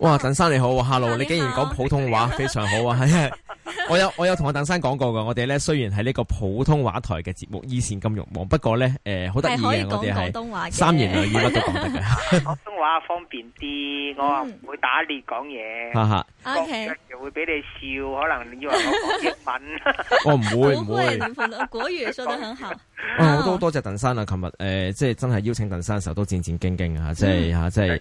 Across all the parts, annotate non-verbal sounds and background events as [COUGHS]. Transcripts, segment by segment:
哇，鄧生你好，Hello，你竟然講普通話非常好啊！我有我有同阿鄧生講過噶，我哋咧雖然係呢個普通話台嘅節目《以前金玉皇》，不過咧誒好得意嘅，我哋係三言兩語乜都講得嘅。廣東話方便啲，我話唔會打裂講嘢。O K，又會俾你笑，可能你以為我講英文。我唔會唔會，國語講得很好。啊，好多多謝鄧生啊！琴日誒，即、呃、係真係邀請鄧生嘅時候都戰戰兢兢啊！即係吓，即係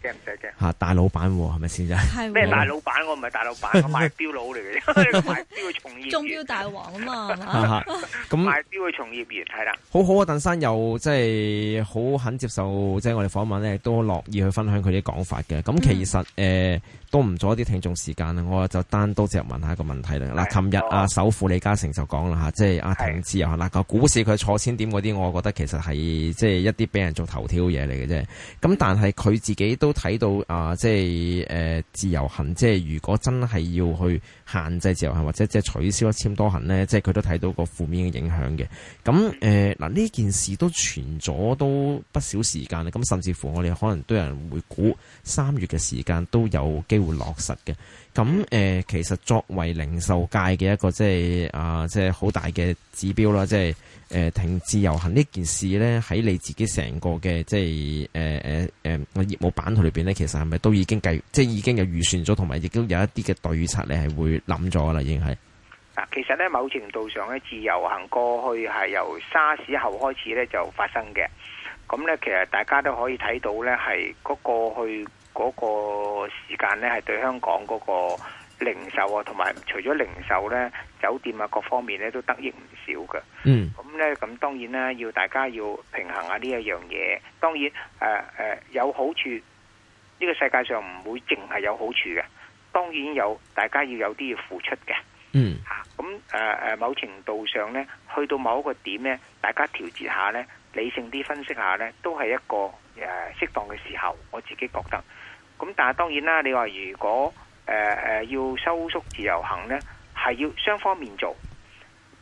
吓，大老闆係咪先真係咩吧大老闆？我唔係大老闆， [LAUGHS] 我賣表佬嚟嘅，賣表去從業員， [LAUGHS] 鐘錶大王嘛 [LAUGHS] 啊嘛咁賣表去從業員係啦，好好啊！鄧生又即係好肯接受，即係我哋訪問咧，都樂意去分享佢啲講法嘅。咁其實誒。呃都唔阻啲聽眾時間，啦，我就單刀直入問一下一個問題啦。嗱的，琴日啊，首富李嘉誠就講啦吓，的即係阿停自由行嗱個、啊、股市佢坐千點嗰啲，我覺得其實係即係一啲俾人做頭條嘢嚟嘅啫。咁但係佢自己都睇到啊，即係誒、呃、自由行，即係如果真係要去限制自由行或者即係取消一簽多行呢，即係佢都睇到個負面嘅影響嘅。咁誒嗱呢件事都傳咗都不少時間。咁甚至乎我哋可能都有人會估三月嘅時間都有機會。會落實嘅，咁誒、呃，其實作為零售界嘅一個即係啊，即係好大嘅指標啦，即係誒、呃，停止自由行呢件事呢，喺你自己成個嘅即係誒誒誒業務版圖裏邊呢，其實係咪都已經計，即係已經有預算咗，同埋亦都有一啲嘅對策你，你係會諗咗啦，已經係嗱，其實呢，某程度上咧，自由行過去係由沙士後開始呢就發生嘅，咁呢，其實大家都可以睇到呢，係嗰過去。嗰個時間呢，係對香港嗰個零售啊，同埋除咗零售呢，酒店啊各方面呢，都得益唔少嘅。嗯，咁呢，咁當然啦，要大家要平衡下呢一樣嘢。當然，誒、呃、誒、呃、有好處，呢個世界上唔會淨係有好處嘅。當然有，大家要有啲要付出嘅。嗯，咁誒誒，某程度上呢，去到某一個點呢，大家調節下呢，理性啲分析下呢，都係一個誒、呃、適當嘅時候。我自己覺得。咁但係當然啦，你話如果誒誒、呃、要收縮自由行呢，係要雙方面做，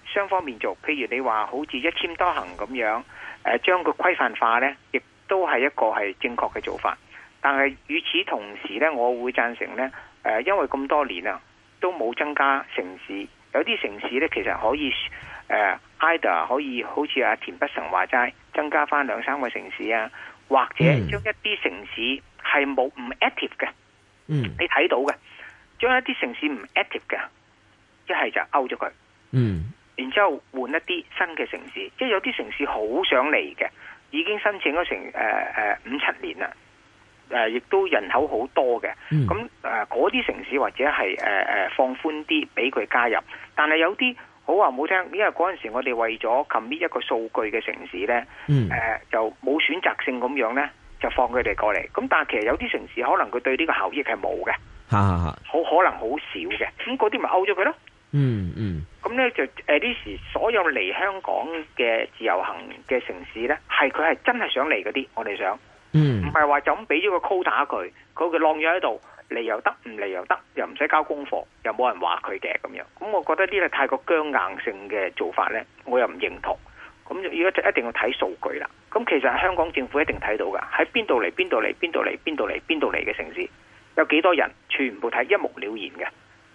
雙方面做。譬如你話好似一簽多行咁樣，誒、呃、將個規範化呢，亦都係一個係正確嘅做法。但係與此同時呢，我會贊成呢，誒、呃、因為咁多年啊，都冇增加城市，有啲城市呢，其實可以誒、呃、either 可以好似阿田北辰話齋，增加返兩三個城市啊，或者將一啲城市。嗯係冇唔 active 嘅，嗯，你睇到嘅，將一啲城市唔 active 嘅，一係就勾咗佢，嗯，然之後換一啲新嘅城市，即係有啲城市好想嚟嘅，已經申請咗成誒誒、呃、五七年啦，誒、呃，亦都人口好多嘅，咁誒嗰啲城市或者係誒誒放寬啲，俾佢加入，但係有啲好話唔好聽，因為嗰陣時我哋為咗搵一個數據嘅城市咧，誒、嗯呃，就冇選擇性咁樣咧，就放佢哋過嚟，咁但係其實有啲城市可能佢對呢個效益係冇嘅，吓，好 [LAUGHS] 可能好少嘅，咁嗰啲咪勾咗佢咯。嗯嗯，咁咧就誒呢時所有嚟香港嘅自由行嘅城市咧，係佢係真係想嚟嗰啲，我哋想，嗯，唔係話就咁俾咗個 quota 佢，佢佢晾咗喺度嚟又得，唔嚟又得，又唔使交功課，又冇人話佢嘅咁樣，咁我覺得呢啲太過僵硬性嘅做法咧，我又唔認同。咁如果一定要睇數據啦。咁其實香港政府一定睇到㗎，喺邊度嚟？邊度嚟？邊度嚟？邊度嚟？邊度嚟嘅城市有幾多人？全部睇一目了然嘅。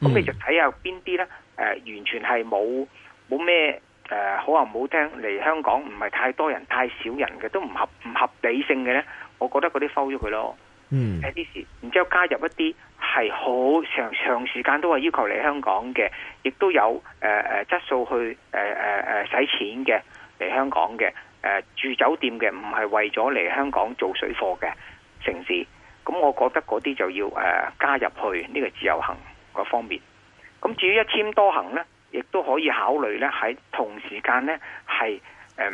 咁你就睇下邊啲呢？誒、呃，完全係冇冇咩誒，好話唔好聽嚟香港，唔係太多人，太少人嘅都唔合唔合理性嘅呢。我覺得嗰啲收咗佢咯。嗯。一啲然之後加入一啲係好長長時間都係要求嚟香港嘅，亦都有誒誒、呃、質素去誒誒誒使錢嘅，嚟香港嘅，誒、呃、住酒店嘅，唔係為咗嚟香港做水貨嘅城市，咁我覺得嗰啲就要誒、呃、加入去呢、呢個自由行嗰方面。咁至於一簽多行咧，亦都可以考慮咧喺，同時間咧係，誒、呃，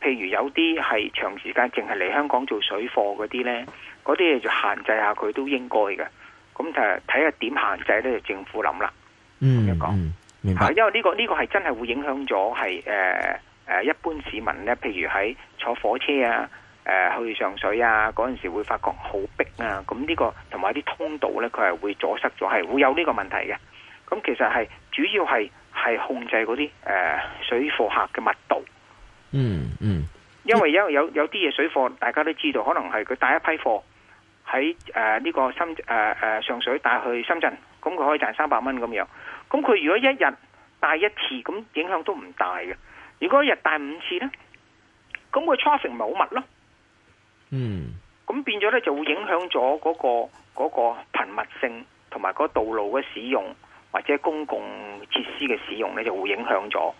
譬如有啲係長時間淨係嚟香港做水貨嗰啲咧，嗰啲嘢，就限制下佢都應該嘅。咁就睇下點限制咧，就政府諗啦。嗯，咁講、嗯，明白。啊、因為呢、呢個呢、呢個係真係會影響咗係誒。誒，一般市民咧，譬如喺坐火車啊，誒、呃、去上水啊，嗰陣時會發覺好逼啊，咁呢、這個同埋啲通道咧，佢係會阻塞咗，係會有呢個問題嘅。咁其實係主要係係控制嗰啲誒水貨客嘅密度。嗯嗯，嗯因為有有有啲嘢水貨，大家都知道，可能係佢帶一批貨喺誒呢個深誒誒、呃、上水帶去深圳，咁佢可以賺三百蚊咁樣。咁佢如果一日帶一次，咁影響都唔大嘅。如果一日帶五次呢，咁個 traffic 咪好密咯，嗯，咁變咗呢，就會影響咗嗰個嗰個頻密性，同埋嗰道路嘅使用或者公共設施嘅使用呢，就會影響咗，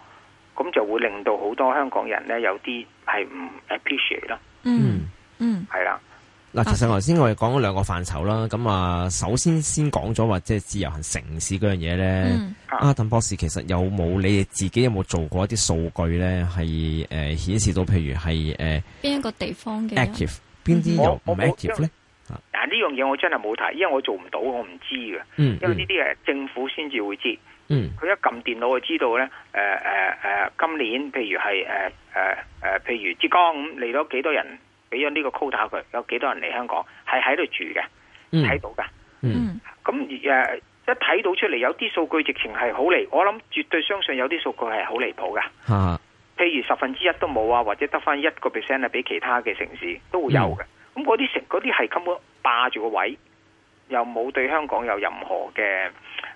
咁就會令到好多香港人呢，有啲係唔 appreciate 啦，嗯嗯，係啦。嗱，其實頭先我哋講咗兩個範疇啦，咁啊，首先先講咗話即係自由行城市嗰樣嘢咧，阿、嗯啊、鄧博士其實有冇你自己有冇做過一啲數據咧？係誒、呃、顯示到，譬如係誒邊一個地方嘅 active，邊啲又唔 active 咧？嗱，呢樣嘢我真係冇睇，因為我做唔到，我唔知嘅。因為呢啲誒政府先至會知。嗯，佢、嗯、一撳電腦就知道咧。誒誒誒，今年譬如係誒誒誒，譬如浙江嚟到幾多人？俾咗呢個 quota 佢，有幾多人嚟香港係喺度住嘅，睇到噶。嗯，咁誒、嗯呃、一睇到出嚟有啲數據直情係好離，我諗絕對相信有啲數據係好離譜噶。啊、譬如十分之一都冇啊，或者得返一個 percent 啊，俾其他嘅城市都會有嘅。咁嗰啲城啲係根本霸住個位，又冇對香港有任何嘅誒、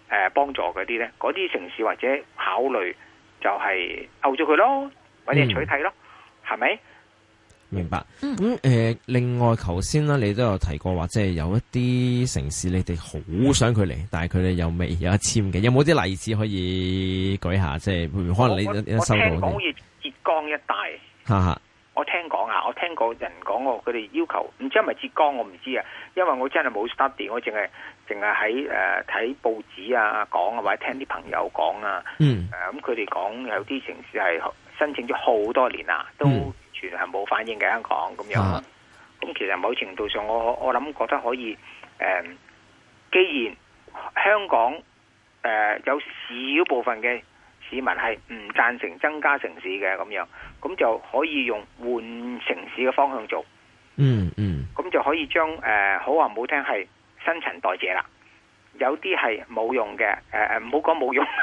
呃、幫助嗰啲咧，嗰啲城市或者考慮就係 out 咗佢咯，揾啲人取替咯，係咪、嗯？明白。咁誒，另外，頭先啦，你都有提過話，即係有一啲城市，你哋好想佢嚟，但係佢哋又未有，有一簽嘅。有冇啲例子可以舉一下？即係可能你收到。我聽講，聽說好似浙江一帶。嚇哈！我聽講啊，我聽過人講過，佢哋要求唔知係咪浙江，我唔知啊，因為我真係冇 study，我淨係淨係喺誒睇報紙啊，講啊，或者聽啲朋友講啊。嗯。咁佢哋講有啲城市係申請咗好多年啦，都、嗯。係冇反應嘅香港咁樣，咁其實某程度上我我諗覺得可以，誒、呃，既然香港誒、呃、有少部分嘅市民係唔讚成增加城市嘅咁樣，咁就可以用換城市嘅方向做，嗯嗯，咁、嗯、就可以將誒、呃、好話唔好聽係新陳代謝啦，有啲係冇用嘅，誒、呃、誒，唔好講冇用。 [LAUGHS]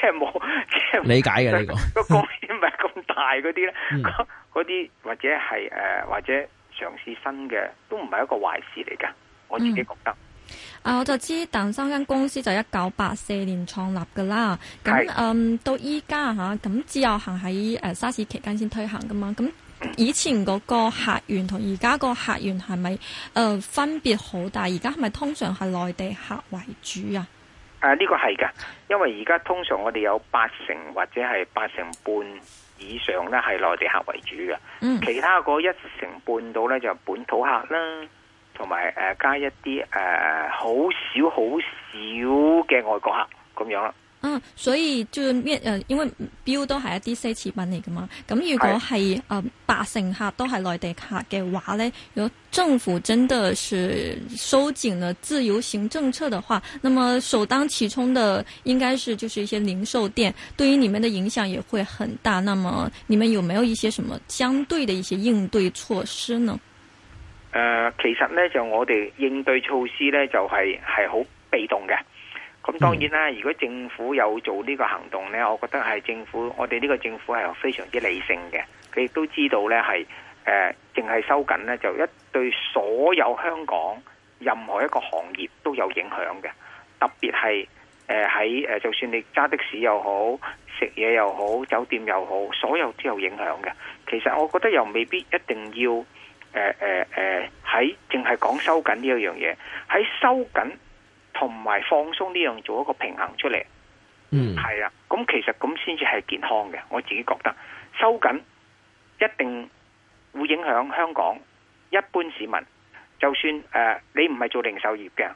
即係冇，即係理解嘅呢個，個風險唔係咁大那些，嗰啲咧，嗰啲或者係誒、呃，或者嘗試新嘅都唔係一個壞事嚟噶，我自己覺得。啊、嗯，我就知鄧生三間公司就一九八四年創立噶啦。咁是嗯，到依家嚇，咁、啊、自由行喺誒沙士期間先推行噶嘛。咁以前嗰個客源同而家個客源係咪誒分別好大？而家係咪通常係內地客為主啊？啊！呢，這個係噶因為而家通常我哋有八成或者係八成半以上咧，係內地客為主噶。其他嗰一成半度咧，就是本土客啦，同埋誒加一啲誒好少好少嘅外國客咁樣。啊、所以就面，誒、呃，因為表都係一啲奢侈品嚟噶嘛。咁如果係誒八成客都係內地客嘅話咧，如果政府真的是收緊了自由行政策的話，那麼首當其衝的應該是就是一些零售店，對於你們的影響也會很大。那麼你們有沒有一些什麼相對的一些應對措施呢？誒、呃，其實咧就我哋應對措施咧就係係好被動嘅。咁當然啦，如果政府有做呢個行動呢，我覺得係政府，我哋呢個政府係非常之理性嘅。佢亦都知道呢係誒，淨係、呃、收緊呢，就一對所有香港任何一個行業都有影響嘅。特別係誒喺誒，就算你揸的士又好，食嘢又好，酒店又好，所有都有影響嘅。其實我覺得又未必一定要誒誒誒，喺淨係講收緊呢一樣嘢，喺收緊，同埋放鬆呢樣做一個平衡出嚟。嗯，係啊，咁其實咁先至係健康嘅，我自己覺得收緊一定會影響香港一般市民，就算誒、呃、你唔係做零售業嘅，誒、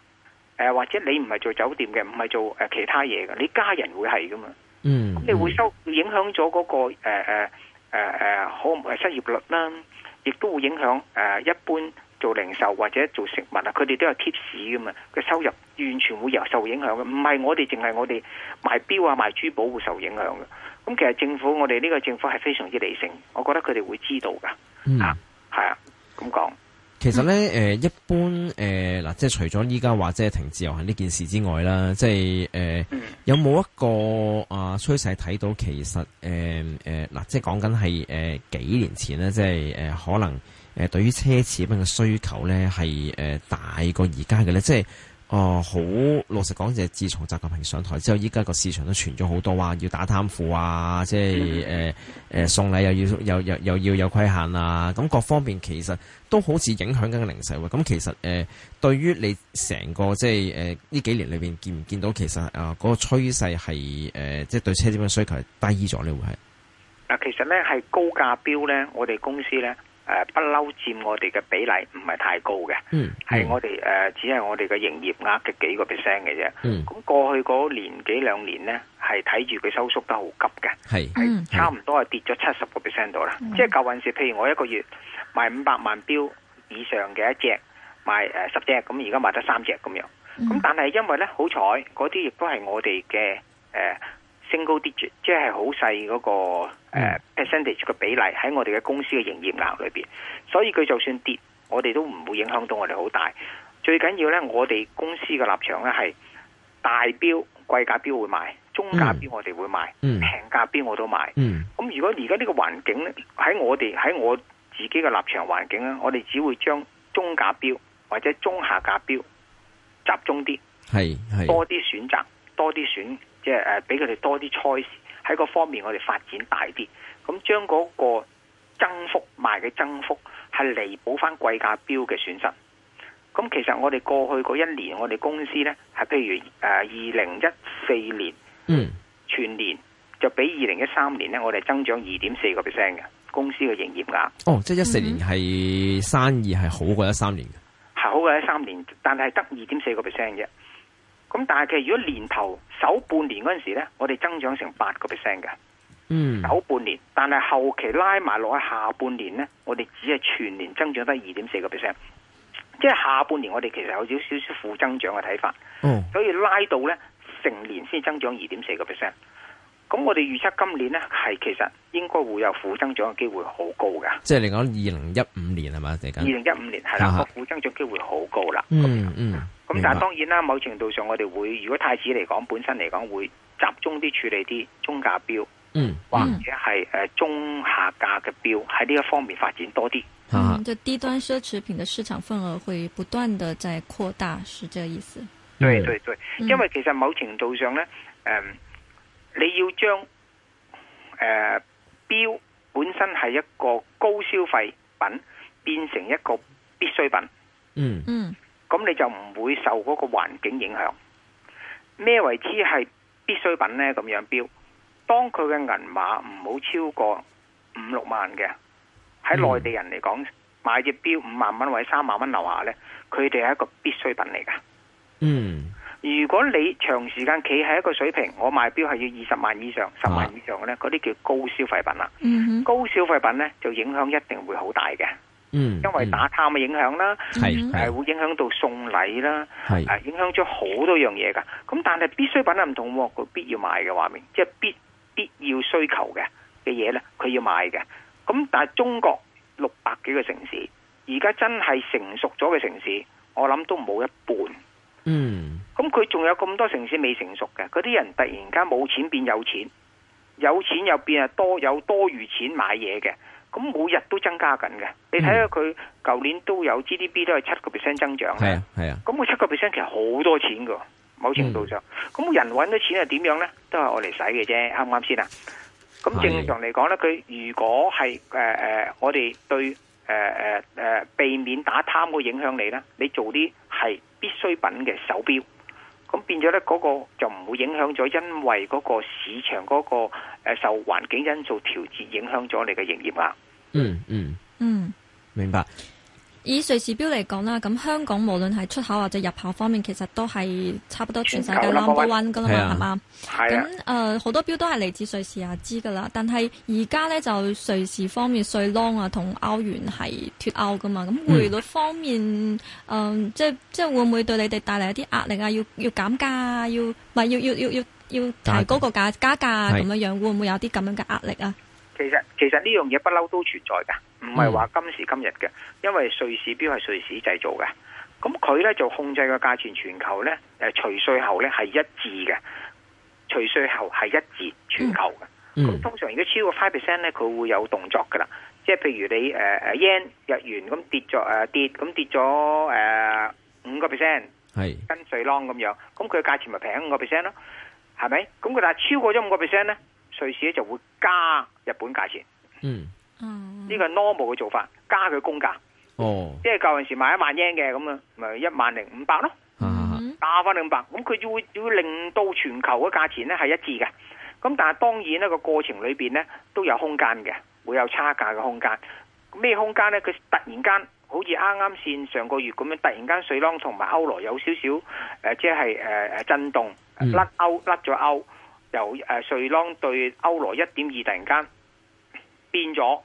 呃、或者你唔係做酒店嘅，唔係做誒、呃、其他嘢嘅，你家人會係噶嘛，嗯，咁你會收會影響咗嗰個誒誒誒誒，好、呃、誒、呃呃、失業率啦，亦都會影響誒、呃、一般。做零售或者做食物啊，佢哋都有貼士噶嘛，嘅收入完全會有受影響嘅。唔係我哋淨係我哋賣錶啊賣珠寶會受影響嘅。咁其實政府我哋呢個政府係非常之理性，我覺得佢哋會知道噶。啊，係啊，咁講。其實咧，誒一般，誒嗱，即係除咗依家話即係停自由行呢件事之外啦，即係誒有冇一個啊趨勢睇到其實誒誒嗱，即係講緊係誒幾年前咧，即係誒可能。誒、呃，對於奢侈品嘅需求咧，係誒大過而家嘅咧，即係哦，好、呃、老實講，就係自從習近平上台之後，依家個市場都傳咗好多話，要打貪腐啊，即係誒誒，送禮又要又又又要有規限啊，咁各方面其實都好似影響緊個零售。咁其實誒、呃，對於你成個即係誒呢幾年裏邊見唔見到，其實啊，嗰、呃那個趨勢係誒、呃，即係對奢侈品需求係低咗呢？會係嗱，其實咧係高價標咧，我哋公司咧。誒，不嬲佔我哋嘅比例唔係太高嘅，係、嗯嗯、我哋誒、呃，只係我哋嘅營業額嘅幾個 percent 嘅啫。咁、嗯、過去嗰年幾兩年咧，係睇住佢收縮得好急嘅，係是、嗯、差唔多係跌咗七十個 percent 度啦。嗯、即係舊陣時，譬如我一個月賣五百萬標以上嘅一隻，賣誒十隻，咁而家賣得三隻咁樣。咁、嗯、但係因為咧，好彩嗰啲亦都係我哋嘅誒，single，digit, 即係好細嗰個。誒、uh，percentage 嘅比例喺我哋嘅公司嘅營業額裏邊，所以佢就算跌，我哋都唔會影響到我哋好大。最緊要咧，我哋公司嘅立場咧係大錶、貴價錶會賣，中價錶我哋會賣，嗯、平價錶我都賣。嗯，咁如果而家呢個環境咧，喺我哋喺我自己嘅立場環境咧，我哋只會將中價錶或者中下價錶集中啲，係多啲選擇，多啲選，即係誒俾佢哋多啲 choice。喺個方面，我哋發展大啲，咁將嗰個增幅賣嘅增幅係彌補翻貴價標嘅損失。咁其實我哋過去嗰一年，我哋公司呢係譬如誒二零一四年，嗯，全年就比二零一三年呢，我哋增長二點四個 percent 嘅公司嘅營業額。哦，即係一四年係、mm hmm. 生意係好過一三年嘅，係好過一三年，但係得二點四個 percent 嘅。咁但係其實如果年頭首半年嗰陣時咧，我哋增長成八個 percent 嘅，嗯，首半年，但係後期拉埋落去下半年咧，我哋只係全年增長得二點四個 percent，即係下半年我哋其實有少少少負增長嘅睇法，嗯、哦，所以拉到咧成年先增長二點四個 percent，咁我哋預測今年咧係其實應該會有負增長嘅機會好高嘅，即係你講二零一五年係嘛，二零一五年係啦，個負看增長機會好高啦、嗯，嗯嗯。咁但係當然啦，某程度上我哋會，如果太子嚟講，本身嚟講會集中啲處理啲中價錶，嗯，或者係誒、嗯、中下價嘅錶喺呢一方面發展多啲。啊、嗯，就低端奢侈品嘅市場份額會不斷地在擴大，是這個意思。對對對，因為其實某程度上咧，誒、嗯，你要將誒、呃、錶本身係一個高消費品變成一個必需品。嗯嗯。嗯咁你就唔會受嗰個環境影響。咩為之係必需品呢？咁樣標，當佢嘅銀碼唔好超過五六萬嘅，喺內地人嚟講，嗯、買隻表五萬蚊或者三萬蚊樓下呢，佢哋係一個必需品嚟噶。嗯，如果你長時間企喺一個水平，我買表係要二十萬以上、十萬以上嘅呢，嗰啲叫高消費品啦。高消費品呢，就影響一定會好大嘅。嗯，因為打探嘅影響啦，係係、mm hmm. 會影響到送禮啦，係、mm hmm. 影響咗好多樣嘢噶。咁但係必需品咧唔同喎，佢必要買嘅話面，即係必必要需求嘅嘅嘢咧，佢要買嘅。咁但係中國六百幾個城市，而家真係成熟咗嘅城市，我諗都冇一半。嗯、mm，咁佢仲有咁多城市未成熟嘅，嗰啲人突然間冇錢變有錢，有錢又變係多有多餘錢買嘢嘅。咁每日都增加緊嘅，你睇下佢舊年都有 GDP 都係七個 percent 增長啦，係、嗯、啊，咁佢七個 percent 其實好多錢噶某程度上，咁、嗯、人揾到錢係點樣咧？都係我嚟使嘅啫，啱唔啱先啊？咁正常嚟講咧，佢是如果係誒誒，我哋對誒誒誒避免打貪嘅影響你咧，你做啲係必需品嘅手錶。咁變咗咧，嗰個就唔會影響咗，因為嗰個市場嗰個誒受環境因素調節，影響咗你嘅營業額，嗯。嗯嗯嗯，明白。以瑞士表嚟講啦，咁香港無論係出口或者入口方面，其實都係差唔多全世界 number one 噶啦嘛，係嘛？咁誒好多表都係嚟自瑞士啊，知噶啦。但係而家咧就瑞士方面，瑞郎啊同歐元係脱歐噶嘛。咁匯率方面，誒、嗯呃、即係即係會唔會對你哋帶嚟一啲壓力啊？要要減價啊，要唔係要要要要要提高個價加價咁樣樣，是 會唔會有啲咁樣嘅壓力啊？其實其實呢樣嘢不嬲都存在噶，唔係話今時今日嘅，因為瑞士表係瑞士製造嘅，咁佢咧就控制個價錢全球咧，誒除稅後咧係一致嘅，除稅後係一致全球嘅。咁通常如果超過 five percent 咧，佢會有動作噶啦。即係譬如你誒誒 yen 日元咁跌咗誒、呃、跌，咁跌咗誒五個 percent 係跟稅浪咁樣，咁佢嘅價錢咪平五個 percent 咯？係咪？咁佢但係超過咗五個 percent 咧？呢瑞士咧就會加日本價錢，嗯嗯，呢個 normal 嘅做法，加佢公價，哦，即係舊陣時買一萬 yen 嘅咁啊，咪一萬零五百咯，打翻兩百，咁佢就會要令到全球嘅價錢咧係一致嘅，咁但係當然呢個過程裏邊咧都有空間嘅，會有差價嘅空間，咩空間咧？佢突然間好似啱啱線上個月咁樣，突然間瑞郎同埋歐羅有少少誒，即係誒誒震動，甩鈎甩咗鈎。嗯。由誒、呃、瑞郎對歐羅一點二突然間變咗，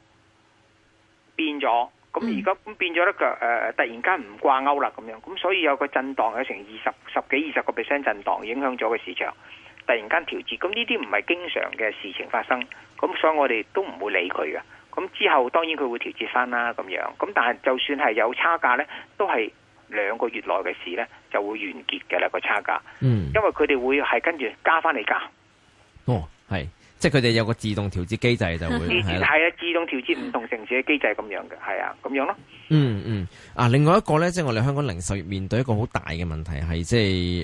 變咗，咁而家咁變咗咧，佢、呃、誒突然間唔掛鈎啦，咁樣，咁所以有個震盪，有成二十十幾二十個 percent 震盪，影響咗個市場，突然間調節，咁呢啲唔係經常嘅事情發生，咁所以我哋都唔會理佢嘅，咁之後當然佢會調節翻啦，咁樣，咁但係就算係有差價咧，都係兩個月內嘅事咧，就會完結嘅啦個差價，嗯，因為佢哋會係跟住加翻你價。哦，係，即係佢哋有個自動調節機制，就會係啦，係啊 [LAUGHS] 的，自動調節唔同城市嘅機制咁樣嘅，係啊，咁樣咯。嗯嗯，啊，另外一個呢，即係我哋香港零售業面對一個好大嘅問題，係即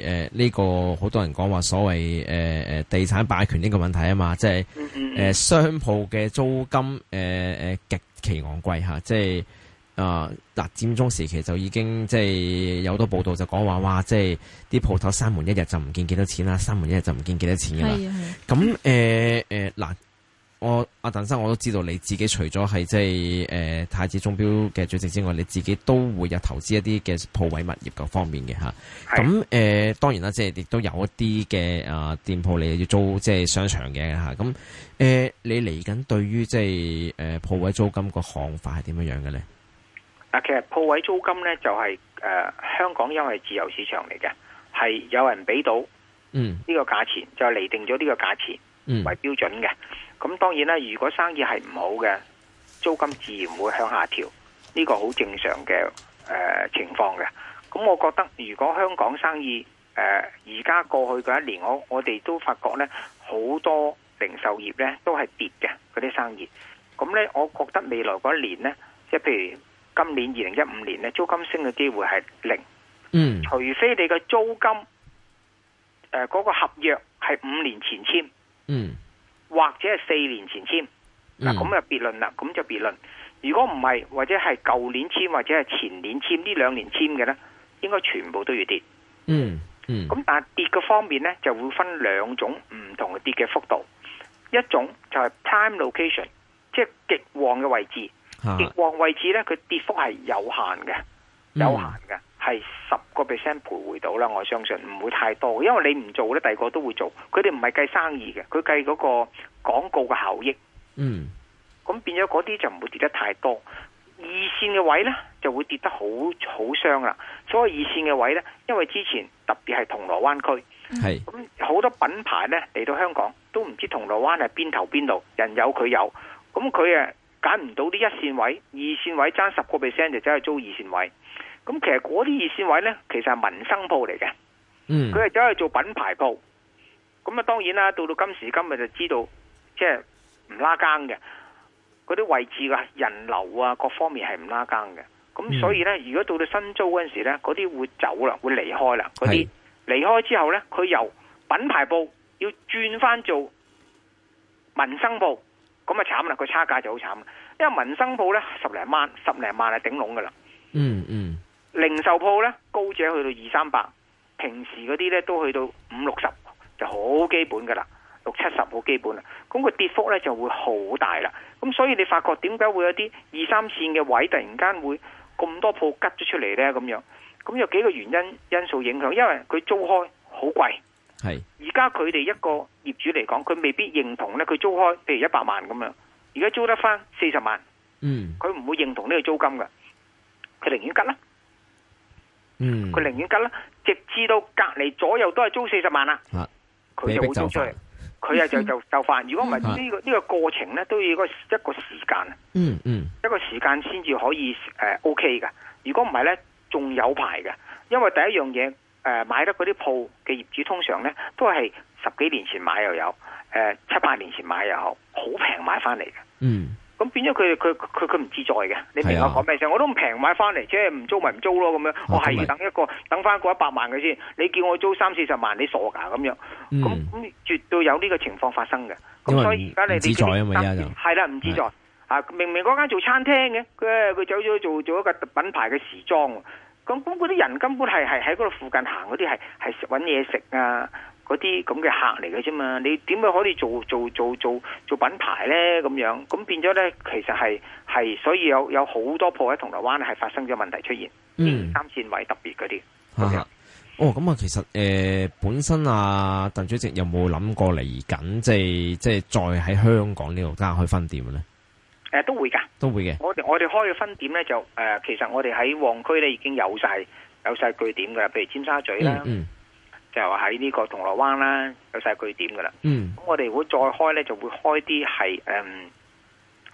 係誒呢個好多人講話所謂誒誒地產霸權呢個問題啊嘛，即係誒、嗯嗯嗯呃、商鋪嘅租金誒誒極其昂貴吓，即係。啊！嗱，佔中時期就已經即係有好多報道就講話，哇！即係啲鋪頭閂門一日就唔見幾多錢啦，閂門一日就唔見幾多錢噶啦。係啊，係啊。咁誒誒，嗱，我阿鄧生，我都知道你自己除咗係即係誒、呃、太子鐘錶嘅主席之外，你自己都會有投資一啲嘅鋪位物業方面嘅吓。係。咁誒、呃，當然啦，即係亦都有一啲嘅、呃、店鋪，你要租即係商場嘅吓。咁、啊、誒、呃，你嚟緊對於即係誒鋪位租金個看法係點樣樣嘅咧？啊，其實鋪位租金呢、就係，就係誒，香港因為自由市場嚟嘅，係有人俾到嗯呢個價錢，嗯、就嚟定咗呢個價錢、嗯、為標準嘅。咁當然啦，如果生意係唔好嘅，租金自然會向下調，呢、呢個好正常嘅誒、呃、情況嘅。咁我覺得如果香港生意誒而家過去嗰一年，我我哋都發覺呢好多零售業呢都係跌嘅嗰啲生意。咁呢我覺得未來嗰一年呢，即係譬如。今年二零一五年咧，租金升嘅機會係零。嗯，除非你嘅租金誒、呃嗰個合約係五年前簽，嗯，或者係四年前簽，嗱咁、嗯、就別論啦，咁就別論。如果唔係，或者係舊年簽，或者係前年簽呢兩年簽嘅咧，應該全部都要跌。嗯嗯，咁、嗯、但係跌嘅方面咧，就會分兩種唔同嘅跌嘅幅度，一種就係 prime location，即係極旺嘅位置。極旺位置咧，佢跌幅係有限嘅。嗯、有限嘅係十個 percent 徘徊到啦。我相信唔會太多，因為你唔做咧，第二個都會做。佢哋唔係計生意嘅，佢計嗰個廣告嘅效益。嗯，咁變咗嗰啲就唔會跌得太多。二線嘅位咧，就會跌得好好傷啦。所以二線嘅位咧，因為之前特別係銅鑼灣區係咁好多品牌咧嚟到香港，都唔知銅鑼灣係邊頭邊度，人有佢有，咁佢誒。揀唔到啲一線位，二線位爭十個 percent 就走去租二線位，咁其實嗰啲二線位呢，其實係民生鋪嚟嘅，嗯，佢係走去做品牌鋪，咁啊，當然啦，到到今時今日就知道，即係唔拉更嘅，嗰啲位置啊，人流啊，各方面係唔拉更嘅，咁所以呢，嗯，如果到到新租嗰陣時呢，嗰啲會走啦，會離開啦，嗰啲離開之後呢，佢是由品牌鋪要轉翻做民生鋪咁啊慘啦，個差價就好慘，因為民生鋪呢，十零萬、十零萬係頂籠噶啦。嗯嗯、mm，hmm. 零售鋪呢，高者去到二三百，平時嗰啲呢都去到五六十就好基本噶啦，六七十好基本啦。咁佢跌幅呢就會好大啦。咁所以你發覺點解會有啲二三線嘅位突然間會咁多鋪吉咗出嚟呢？咁樣咁有幾個原因因素影響，因為佢租開好貴。係而家佢哋一個業主嚟講，佢未必認同咧。佢租開譬如一百萬咁樣，而家租得翻四十萬，嗯，佢唔會認同呢個租金噶，佢寧願吉啦，嗯，佢寧願吉啦，直至到隔籬左右都係租四十萬啦，啊，佢就好租出去，佢係就就就翻。如果唔係呢個呢個過程咧，都要一個時間嗯嗯一個時間，嗯嗯，一個時間先至可以誒 O K 噶。如果唔係咧，仲有排噶，因為第一樣嘢。誒，買得嗰啲鋪嘅業主通常咧，都係十幾年前買又有，誒、呃、七八年前買又有，好平買翻嚟嘅。嗯，咁變咗佢佢佢佢唔自在嘅。你明我講咩先？啊、我都平買翻嚟，即係唔租咪唔租咯咁樣。哦、我係等一個、嗯、等翻個等一百萬嘅先。你叫我租三四十萬，你傻噶咁樣。咁咁、嗯、絕對有呢個情況發生嘅。咁所以而家你你你係啦，唔自在啊！明明嗰間做餐廳嘅，佢佢走咗做做一個品牌嘅時裝。咁嗰嗰啲人根本係係喺嗰度附近行嗰啲，係係食揾嘢食啊，嗰啲咁嘅客嚟嘅啫嘛，你點樣可以做做做做做品牌咧咁樣？咁變咗咧，其實係係，所以有有好多鋪喺銅鑼灣係發生咗問題出現。嗯，三線位特別嗰啲。係哦咁啊，哦、其實誒、呃、本身啊，鄧主席有冇諗過嚟緊，即係即係再喺香港呢度加開分店咧？誒、呃，都會噶，都會嘅。我哋我哋開嘅分店咧就誒、呃，其實我哋喺旺區咧已經有晒有晒據點噶，譬如尖沙咀啦，嗯，嗯就喺呢個銅鑼灣啦，有晒據點噶啦。嗯，咁我哋會再開咧，就會開啲係誒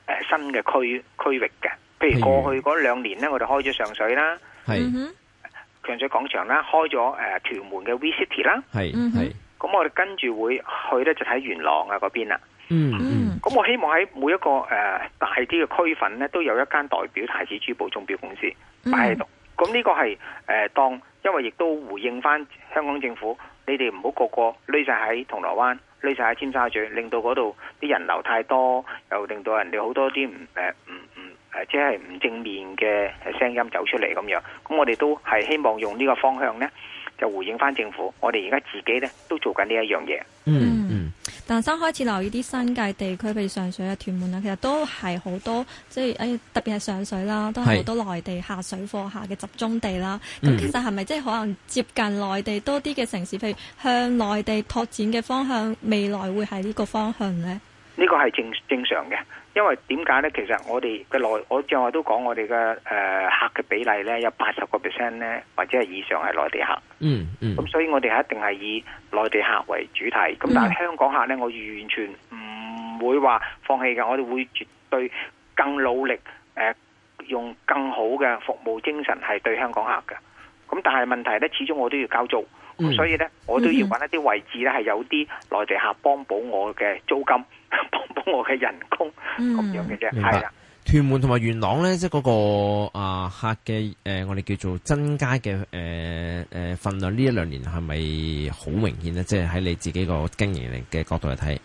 誒新嘅區區域嘅，譬如過去嗰兩年咧，是我哋開咗上水啦，嗯是強水廣場啦，開咗誒、呃、屯門嘅 V City 啦，係係是。咁是我哋跟住會去咧，就喺元朗啊嗰邊啦。嗯，咁、嗯、我希望喺每一個誒、呃、大啲嘅區份咧，都有一間代表太子珠寶鐘錶公司擺喺度。咁呢、嗯、個係誒、呃、當，因為亦都回應翻香港政府，你哋唔好個個匿晒喺銅鑼灣，匿晒喺尖沙咀，令到嗰度啲人流太多，又令到人哋好多啲唔誒唔唔誒，即係唔正面嘅聲音走出嚟咁樣。咁我哋都係希望用呢個方向咧，就回應翻政府。我哋而家自己咧都做緊呢一樣嘢、嗯。嗯。但生開始留意啲新界地區，譬如上水啊、屯門啊，其實都係好多，即係誒，特別係上水啦，都係好多內地下水貨客嘅集中地啦。咁是其實係咪即係可能接近內地多啲嘅城市，譬如向內地拓展嘅方向，未來會係呢個方向咧？呢個係正正常嘅。因為點解咧？其實我哋嘅內，我正話都講我哋嘅誒客嘅比例咧，有八十個 percent 咧，或者係以上係內地客。嗯嗯。咁、嗯嗯、所以我哋係一定係以內地客為主題。咁但係香港客咧，我完全唔會話放棄嘅。我哋會絕對更努力，誒、呃、用更好嘅服務精神係對香港客嘅。咁但係問題咧，始終我都要交租。嗯、所以咧，我都要揾一啲位置咧，係有啲內地客幫補我嘅租金，幫補我嘅人工咁樣嘅啫，係啦、嗯。的屯門同埋元朗咧，即係嗰個啊、呃、客嘅誒、呃，我哋叫做增加嘅誒誒份量，呢一兩年係咪好明顯咧？即係喺你自己個經營嘅角度嚟睇，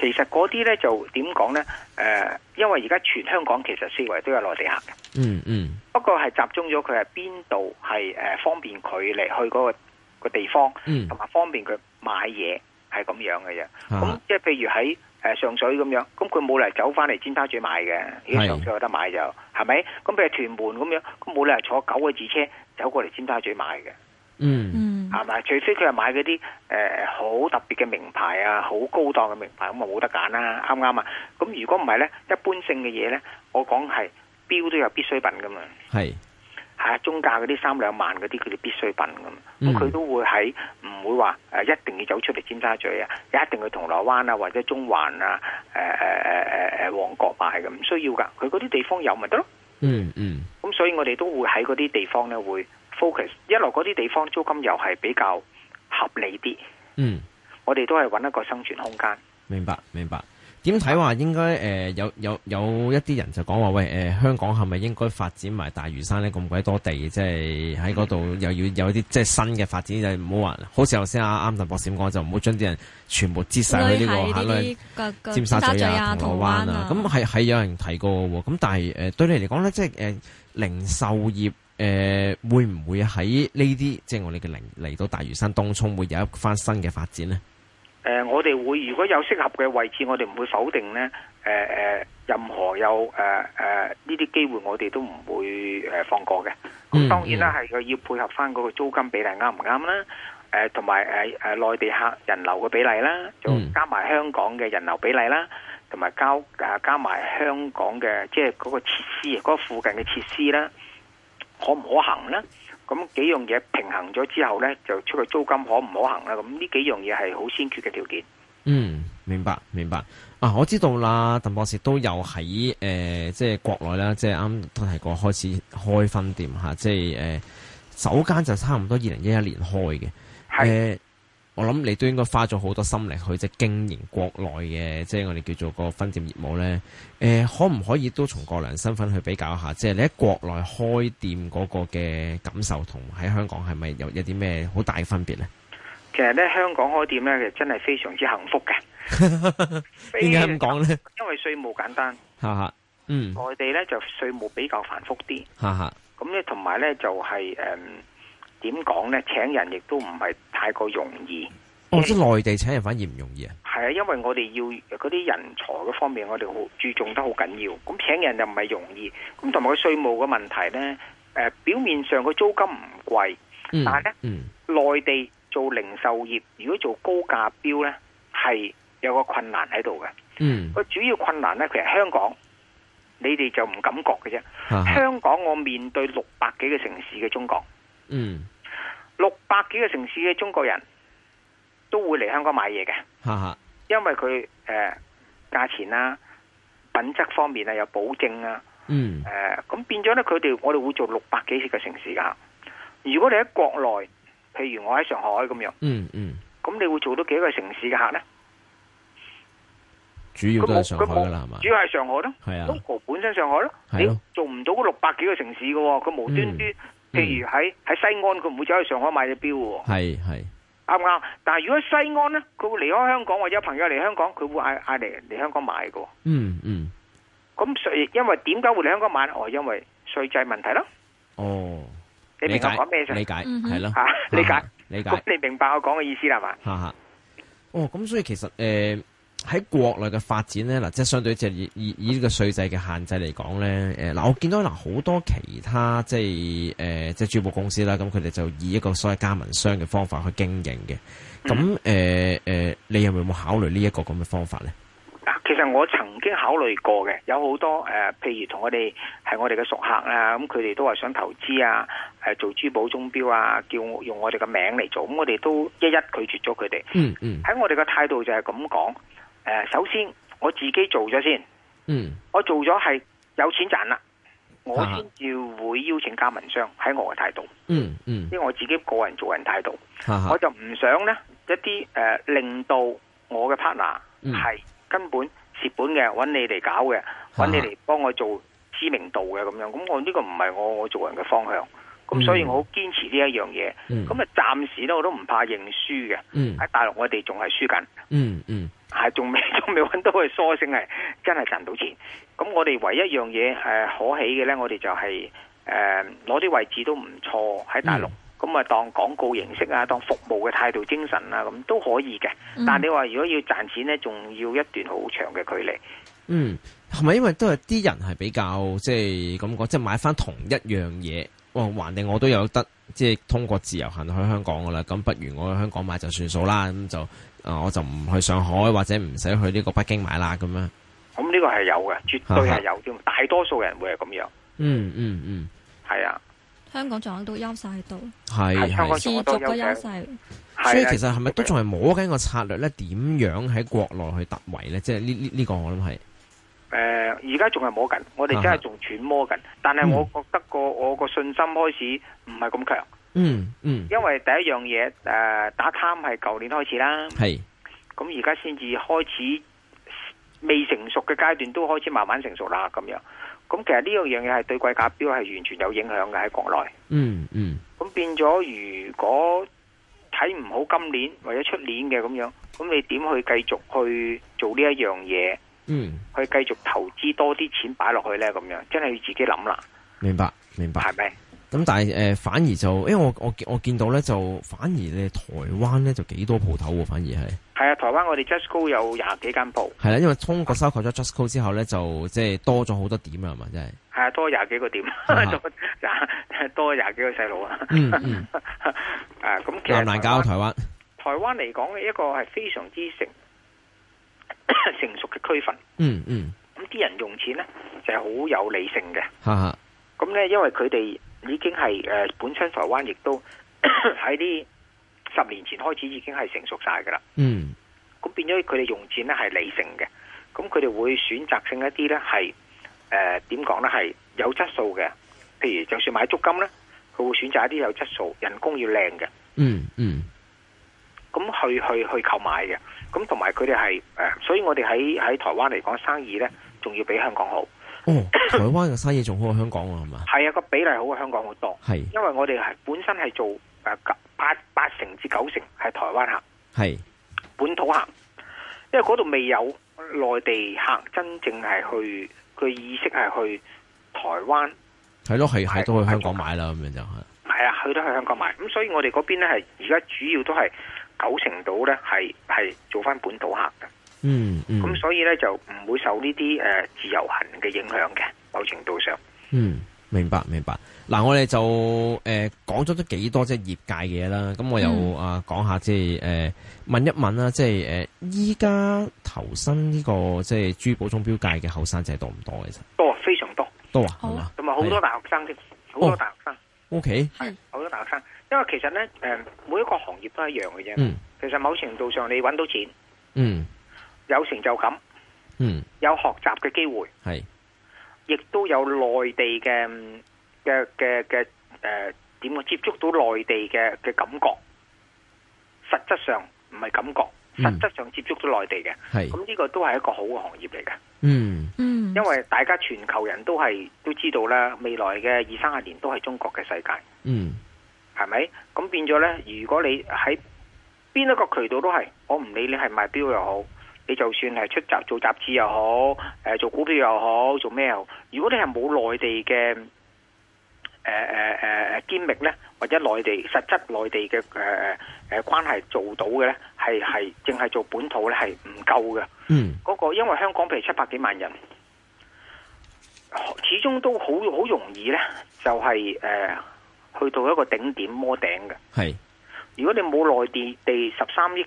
其實嗰啲咧就點講咧？誒、呃，因為而家全香港其實四圍都有內地客嘅、嗯，嗯嗯，不過係集中咗佢係邊度係誒方便佢嚟去嗰、嗰個。個地方，同埋方便佢買嘢係咁樣嘅嘢。咁、嗯啊、即係譬如喺誒上水咁樣，咁佢冇理由走翻嚟尖沙咀買嘅。咦的，上水有得買就係咪？咁譬如屯門咁樣，咁冇理由坐九個字車走過嚟尖沙咀買嘅。嗯，係咪吧？除非佢係買嗰啲誒好特別嘅名牌啊，好高檔嘅名牌，咁啊冇得揀啦，啱唔啱啊？咁如果唔係咧，一般性嘅嘢咧，我講係標都有必需品噶嘛。係。啊，中價嗰啲三兩萬嗰啲，佢哋必需品咁，咁佢、嗯、都會喺唔會話誒、呃，一定要走出嚟尖沙咀啊，一定要銅鑼灣啊，或者中環啊，誒誒誒誒誒，旺角買嘅，唔需要噶，佢嗰啲地方有咪得咯。嗯嗯，咁所以我哋都會喺嗰啲地方咧會 focus，一來嗰啲地方租金又係比較合理啲。嗯，我哋都係揾一個生存空間。明白，明白。點睇話應該、呃、有有有一啲人就講話喂、呃、香港係咪應該發展埋大嶼山咧？咁鬼多地，即係喺嗰度又要有啲即係新嘅發展，就唔好話，好似頭先阿啱鄧博士講，就唔好將啲人全部擠晒去呢、這個尖沙咀啊、咀銅鑼灣，灣啊，咁係有人提過喎。咁但係對你嚟講咧，即係誒零售業誒、呃、會唔會喺呢啲即係我哋嘅零嚟到大嶼山東涌會有一番新嘅發展呢？誒、呃，我哋會如果有適合嘅位置，我哋唔會否定呢誒誒，任何有誒誒呢啲機會，我哋都唔會誒放過嘅。咁當然啦，係佢、嗯嗯、要配合翻嗰個租金比例啱唔啱啦。誒、呃，同埋誒誒內地客人流嘅比例啦，就加埋香港嘅人流比例啦，同埋交加埋香港嘅即係嗰個設施，嗰、嗰個、附近嘅設施啦，可唔可行呢？咁幾樣嘢平衡咗之後呢，就出個租金可唔可行啦？咁呢幾樣嘢係好先決嘅條件。嗯，明白明白。啊，我知道啦，鄧博士都有喺誒、呃，即係國內啦，即係啱都提過開始開分店嚇，即係、呃、首間就差唔多二零一一年開嘅。係的。呃我諗你都應該花咗好多心力去即係經營國內嘅，即係我哋叫做個分店業務呢。誒，呃，可唔可以都從個人身份去比較一下？即係你喺國內開店嗰個嘅感受，同喺香港係咪有有啲咩好大分別呢？其實呢，香港開店呢，其實真係非常之幸福嘅。點解咁講呢？因為稅務簡單。吓吓， [LAUGHS] 嗯，嗯，內地呢就稅務比較繁複啲。咁咧同埋呢就係誒。嗯點講呢？請人亦都唔係太過容易。我知內地請人反而唔容易啊。係啊，因為我哋要嗰啲人才嘅方面，我哋好注重得好緊要。咁請人又唔係容易。咁同埋個稅務嘅問題呢，呃、表面上個租金唔貴，嗯、但係呢，內、嗯、地做零售業如果做高價標呢，係有個困難喺度嘅。個、嗯、主要困難呢，其實香港你哋就唔感覺嘅啫。哈哈，香港我面對六百幾個城市嘅中國。嗯，六百幾個城市嘅中國人都會嚟香港買嘢嘅，哈哈，因為佢誒價錢啦、品質方面啊有保證啊。嗯，咁、呃、變咗咧，佢哋我哋會做六百幾十個城市噶。如果你喺國內，譬如我喺上海咁樣，嗯嗯，咁、嗯、你會做到幾個城市嘅客咧？主要都係上海噶，主要係上海咯，係啊吧，本身上海咯。啊、你做唔到六百幾個城市噶，佢無端端、嗯。嗯。譬如喺喺西安，佢唔會走去上海買隻表喎。係係啱唔啱？但係如果西安咧，佢會離開香港或者朋友嚟香港，佢會嗌嗌嚟嚟香港買嘅。嗯嗯。咁稅因為點解會嚟香港買？我因為稅制問題咯。哦，你明白我講咩先？理解係咯，理解理解。咁你明白我講嘅意思啦嘛？吓吓。哦，咁所以其實誒。喺國內嘅發展咧，嗱，即係相對即係以以呢個稅制嘅限制嚟講咧，誒，嗱，我見到嗱好多其他即係誒即係珠寶公司啦，咁佢哋就以一個所謂加盟商嘅方法去經營嘅，咁誒誒，你有冇有考慮呢、這、一個咁嘅方法咧？其實我曾經考慮過嘅，有好多誒、呃，譬如同我哋係我哋嘅熟客啊。咁佢哋都話想投資啊，誒做珠寶鐘錶啊，叫用我哋嘅名嚟做，咁我哋都一一拒絕咗佢哋。嗯嗯，喺我哋嘅態度就係咁講。誒，首先我自己做咗先，嗯，我做咗係有錢賺啦，我先至會邀請加盟商，喺我嘅態度，嗯嗯，嗯因為我自己個人做人態度，嗯、我就唔想咧一啲誒、呃、令到我嘅 partner 係根本蝕本嘅，搵你哋搞嘅，搵、嗯、你哋幫我做知名度嘅咁樣，咁我呢、這個唔係我我做人嘅方向。咁、嗯、所以，我好堅持呢一樣嘢。咁啊、嗯，暫時咧，我都唔怕認輸嘅。喺、嗯、大陸我，我哋仲係輸緊，嗯嗯，係仲未仲未搵到佢蘇性係真係賺到錢。咁我哋唯一一樣嘢係可喜嘅咧，我哋就係攞啲位置都唔錯喺大陸。咁啊、嗯，當廣告形式啊，當服務嘅態度、精神啊，咁都可以嘅。但係你話如果要賺錢咧，仲要一段好長嘅距離。嗯，係咪因為都係啲人係比較即係咁講，即、就、係、即係、買翻同一樣嘢？哦，橫定我都有得即係通過自由行去香港噶啦，咁不如我去香港買就算數啦，咁就啊我就唔去上海或者唔使去呢個北京買啦咁樣。咁呢個係有嘅，絕對係有添。大多數人會係咁樣。嗯嗯嗯，係啊的，的香港仲喺度優勢喺度，係係持續個優勢。係所以其實係咪都仲係摸緊個策略咧？點樣喺國內去突圍咧？即係呢呢呢個我諗係。誒，而家仲係摸緊，我哋真係仲揣摩緊。Uh huh. 但係我覺得個我個信心開始唔係咁強。嗯嗯、mm。Hmm. 因為第一樣嘢誒、呃、打貪係舊年開始啦。係是。咁而家先至開始未成熟嘅階段，都開始慢慢成熟啦。咁樣，咁其實呢樣嘢係對貴價錶係完全有影響嘅喺國內。嗯嗯、mm。咁、hmm. 變咗，如果睇唔好今年或者出年嘅咁樣，咁你點去繼續去做呢一樣嘢？嗯，去繼續投資多啲錢擺落去咧，咁樣真係要自己諗啦。明白，明白，係咪吧？咁但係誒、呃，反而就因為我我我見到咧，就反而咧台灣咧就幾多鋪頭喎，反而係。係啊，台灣我哋 Just Go 有廿幾間鋪。係啦、啊，因為通過收購咗 Just Go 之後咧，就即係多咗好多點啊嘛，真係。係啊，多廿幾個點，啊、多廿多廿幾個細路、嗯嗯、啊。嗯嗯。啊，咁其實難搞台灣。台灣嚟講嘅一個係非常之盛。 [COUGHS] 成熟嘅區分，嗯嗯，咁、嗯、啲人用錢呢，就係、是、好有理性嘅，吓吓哈，咁呢因為佢哋已經係誒、呃、本身台灣亦都喺啲 [COUGHS] 十年前開始已經係成熟晒噶啦，嗯，咁變咗佢哋用錢呢係理性嘅，咁佢哋會選擇性一啲呢係誒點講呢係有質素嘅，譬如就算買足金呢，佢會選擇一啲有質素人工要靚嘅、嗯，嗯嗯。咁去去去購買嘅，咁同埋佢哋係誒，所以我哋喺喺台灣嚟講生意咧，仲要比香港好。哦、台灣嘅生意仲好過香港喎，係嘛？係啊，個、 [LAUGHS] 啊、比例好過香港好多係，是因為我哋係本身係做誒八八成至九成係台灣客，係是本土客，因為嗰度未有內地客真正係去佢意識係去台灣，係咯，去係都去香港買啦，咁樣就係係啊，去都去香港買咁，所以我哋嗰邊咧係而家主要都係。九成度咧係係做翻本土客嘅、嗯，嗯，咁所以咧就唔會受呢啲誒自由行嘅影響嘅，某程度上，嗯，明白明白。嗱，我哋就誒講咗都幾多即係業界嘅嘢啦，咁我又、嗯、啊講下即係誒問一問啦，即係誒依家投身呢、這個即係、就是、珠寶鐘錶界嘅後生仔多唔多其啫，多非常多，多啊，係嘛，同埋好多大學生添，好多大學生，O K，係好多大學生。是哦因為其實咧，誒，每一個行業都係一樣嘅啫。嗯、其實某程度上，你揾到錢，嗯、有成就感，嗯、有學習嘅機會，亦是都有內地嘅嘅嘅嘅誒，點、呃、接觸到內地嘅嘅感覺？實質上唔係感覺，嗯、實質上接觸到內地嘅。咁呢是個都係一個好嘅行業嚟嘅。嗯，因為大家全球人都係都知道啦，未來嘅二三十年都係中國嘅世界。嗯。係咪？咁變咗呢。如果你喺邊一個渠道都係，我唔理你係賣錶又好，你就算係出雜做雜誌又好，誒、呃、做股票又好，做咩又好？如果你係冇內地嘅誒誒誒誒堅力呢或者內地實質內地嘅誒誒關係做到嘅呢，係係淨係做本土呢係唔夠嘅。嗰、嗯嗰個因為香港譬如七百幾萬人，始終都好好容易呢，就係、是、誒。呃去到一個頂點摩頂嘅，係是如果你冇內地地十三億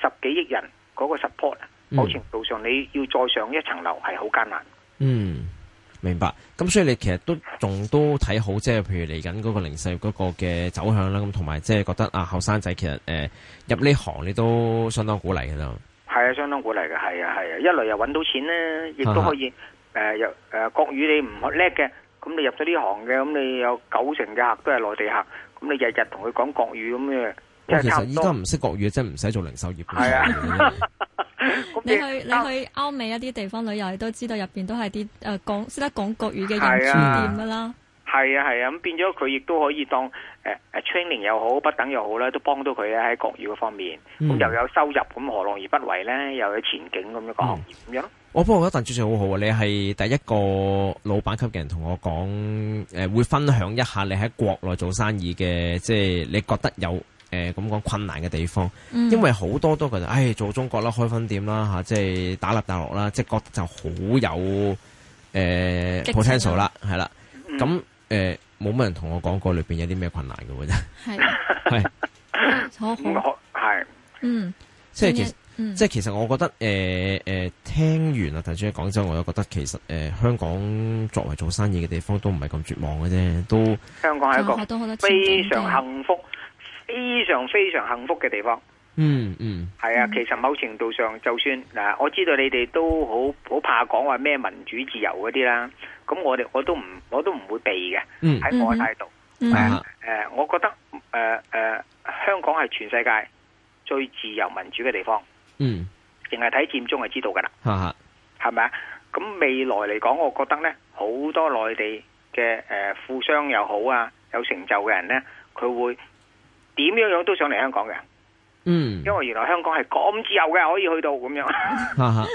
十幾億人嗰個 support，某程度上你要再上一層樓係好艱難。嗯，明白。咁所以你其實都仲都睇好，即係譬如嚟緊嗰個零售業嗰個嘅走向啦。咁同埋即係覺得啊，後生仔其實誒、呃、入呢行你都相當鼓勵嘅啦。係啊，相當鼓勵嘅，係啊係啊，一來又揾到錢咧，亦都可以誒又誒國語你唔叻嘅。咁你入咗呢行嘅，咁你有九成嘅客都係內地客，咁你日日同佢講國語咁嘅，即係差唔多，依家唔識國語，真係唔使做零售業。係啊， [LAUGHS] 你去你去歐美一啲地方旅遊，你都知道入邊都係啲誒講識得講國語嘅人住店噶啦。係啊係啊，咁、啊啊啊、變咗佢亦都可以當誒誒、呃、training 又好，不等又好啦，都幫到佢咧喺國語嘅方面。咁、嗯、又有收入，咁何樂而不為咧？又有前景咁樣個行業咁樣。嗯我不過覺得鄧主席好好啊！你係第一個老闆級嘅人同我講，誒、呃、會分享一下你喺國內做生意嘅，即係你覺得有誒咁講困難嘅地方。嗯、因為好多都覺得，唉、哎，做中國啦，開分店啦，嚇、啊，即係打立大陸啦，即係覺得就好有誒 potential 啦，係、呃、啦。咁誒冇乜人同我講過裏邊有啲咩困難嘅喎真係係好好係嗯，即係其實、嗯、即係其實我覺得誒誒。呃呃聽完啊，頭先喺廣州，我又覺得其實誒、呃、香港作為做生意嘅地方都不是麼，都唔係咁絕望嘅啫，都香港係一個非常幸福、非常非常幸福嘅地方。嗯嗯，係、嗯、啊，其實某程度上，嗯、就算嗱，我知道你哋都好好怕講話咩民主自由嗰啲啦，咁我哋我都唔我都唔會避嘅，喺我態度誒誒，我覺得誒誒、呃呃、香港係全世界最自由民主嘅地方。嗯。淨係睇佔中就知道噶啦，係咪啊哈？咁未來嚟講，我覺得咧，好多內地嘅誒、呃、富商又好啊，有成就嘅人咧，佢會點樣樣都想嚟香港嘅，嗯，因為原來香港係咁自由嘅，可以去到咁樣，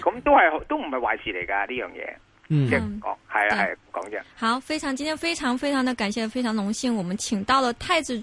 咁都係都唔係壞事嚟噶呢樣嘢，嗯，即係講係啊係講啫。好，非常，今天非常非常的感謝，非常榮幸，我們請到了太子。